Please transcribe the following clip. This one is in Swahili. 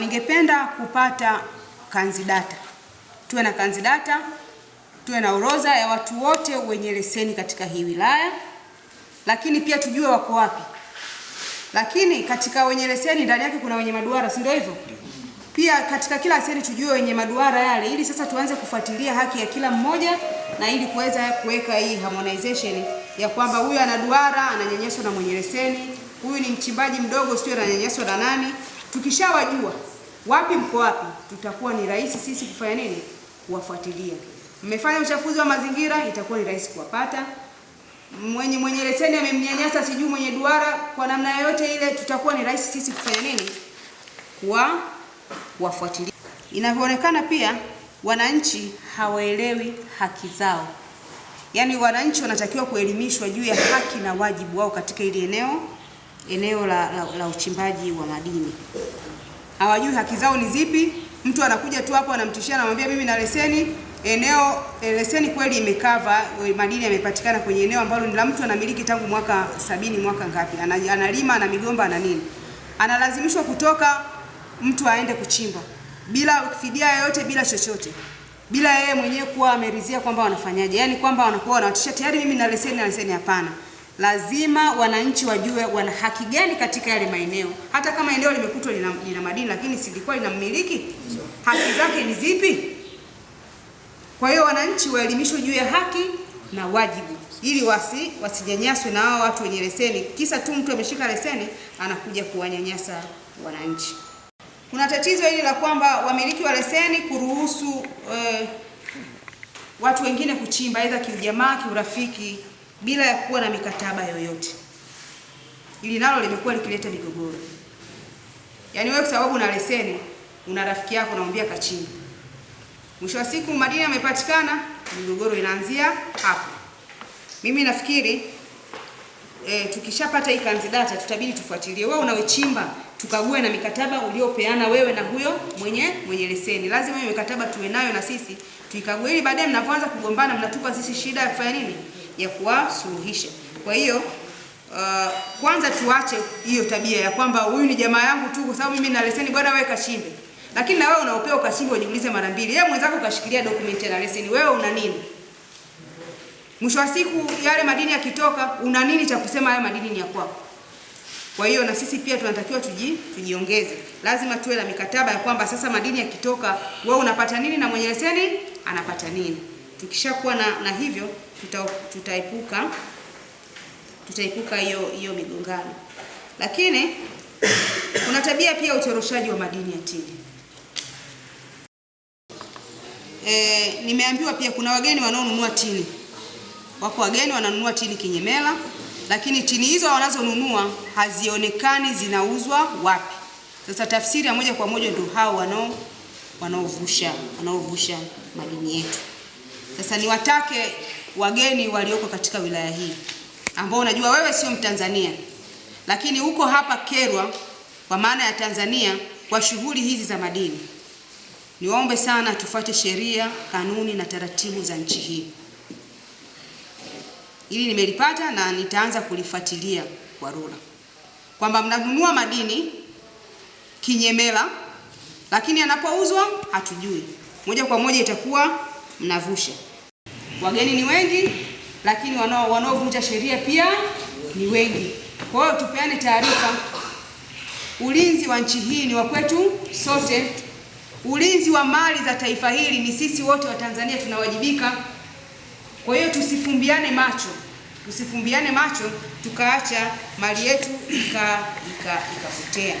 Ningependa kupata kanzidata, tuwe na kanzidata, tuwe na orodha ya watu wote wenye leseni katika hii wilaya, lakini pia tujue wako wapi. Lakini katika wenye leseni ndani yake kuna wenye maduara, si ndio hivyo? Pia katika kila leseni tujue wenye maduara yale, ili sasa tuanze kufuatilia haki ya kila mmoja, na ili kuweza kuweka hii harmonization ya kwamba huyu ana duara ananyanyaswa na mwenye leseni, huyu ni mchimbaji mdogo sio ananyanyaswa na nani Tukishawajua wapi mko wapi, tutakuwa ni rahisi sisi kufanya nini? Kuwafuatilia. Mmefanya uchafuzi wa mazingira, itakuwa ni rahisi kuwapata. Mwenye mwenye leseni amemnyanyasa sijui mwenye duara kwa namna yoyote ile, tutakuwa ni rahisi sisi kufanya nini? Kuwa kuwafuatilia. Inavyoonekana pia wananchi hawaelewi haki zao, yaani wananchi wanatakiwa kuelimishwa juu ya haki na wajibu wao katika hili eneo eneo la, la, la uchimbaji wa madini. Hawajui haki zao ni zipi. Mtu anakuja tu hapo anamtishia, anamwambia mimi na leseni eneo leseni kweli imekava madini yamepatikana kwenye eneo ambalo ni la mtu anamiliki tangu mwaka sabini mwaka ngapi, analima ana migomba na nini, analazimishwa kutoka mtu aende kuchimba bila fidia yoyote, bila chochote, bila yeye mwenyewe kuwa ameridhia kwamba wanafanyaje, yani kwamba wanakuwa wanawatisha tayari, mimi na leseni na leseni. Hapana lazima wananchi wajue wana haki gani katika yale maeneo. Hata kama eneo limekutwa lina madini, lakini silikuwa linamiliki, haki zake ni zipi? Kwa hiyo wananchi waelimishwe juu ya haki na wajibu, ili wasi wasinyanyaswe na hao watu wenye leseni, kisa tu mtu ameshika leseni anakuja kuwanyanyasa wananchi. Kuna tatizo hili la kwamba wamiliki wa leseni kuruhusu eh, watu wengine kuchimba, aidha kiujamaa, kiurafiki bila ya kuwa na mikataba yoyote. Ili nalo limekuwa likileta migogoro. Yaani wewe kwa sababu una leseni, una rafiki yako unamwambia kachini, mwisho wa siku madini yamepatikana, migogoro inaanzia hapo. Mimi nafikiri e, tukishapata hii kanzi data tutabidi tufuatilie, wewe unawechimba tukague na mikataba uliopeana wewe na huyo mwenye mwenye leseni. Lazima hiyo mikataba tuwe nayo na sisi tuikague, ili baadaye mnapoanza kugombana mnatupa sisi shida ya kufanya nini ya kuwasuluhisha. Kwa hiyo uh, kwanza tuache hiyo tabia ya kwamba huyu ni jamaa yangu tu kwa sababu mimi na leseni, bwana wewe kashinde. Lakini na wewe unaopewa ukashinde, ujiulize mara mbili. Yeye mwenzako kashikilia dokumenti na leseni, wewe una nini? Mwisho wa siku yale madini yakitoka, una nini cha kusema haya madini ni ya kwako? Kwa hiyo na sisi pia tunatakiwa tuji, tujiongeze. Lazima tuwe na mikataba ya kwamba sasa madini yakitoka, wewe unapata nini na mwenye leseni anapata nini. Tukishakuwa na, na hivyo tutaepuka tutaepuka hiyo hiyo migongano. Lakini kuna tabia pia utoroshaji wa madini ya tini E, nimeambiwa pia kuna wageni wanaonunua tini. Wako wageni wananunua tini kinyemela, lakini tini hizo wanazonunua hazionekani zinauzwa wapi. Sasa tafsiri ya moja kwa moja ndio hao wanao wanaovusha wanaovusha madini yetu. Sasa niwatake wageni walioko katika wilaya hii ambao unajua wewe sio Mtanzania, lakini uko hapa Kerwa kwa maana ya Tanzania kwa shughuli hizi za madini, niwaombe sana tufuate sheria, kanuni na taratibu za nchi hii. Hili nimelipata na nitaanza kulifuatilia kwa RURA kwamba mnanunua madini kinyemela, lakini anapouzwa hatujui. Moja kwa moja itakuwa mnavusha. Wageni ni wengi, lakini wanao wanaovunja sheria pia ni wengi. Kwa hiyo tupeane taarifa. Ulinzi wa nchi hii ni wa kwetu sote. Ulinzi wa mali za taifa hili ni sisi wote wa Tanzania tunawajibika. Kwa hiyo tusifumbiane macho, tusifumbiane macho tukaacha mali yetu ikapotea.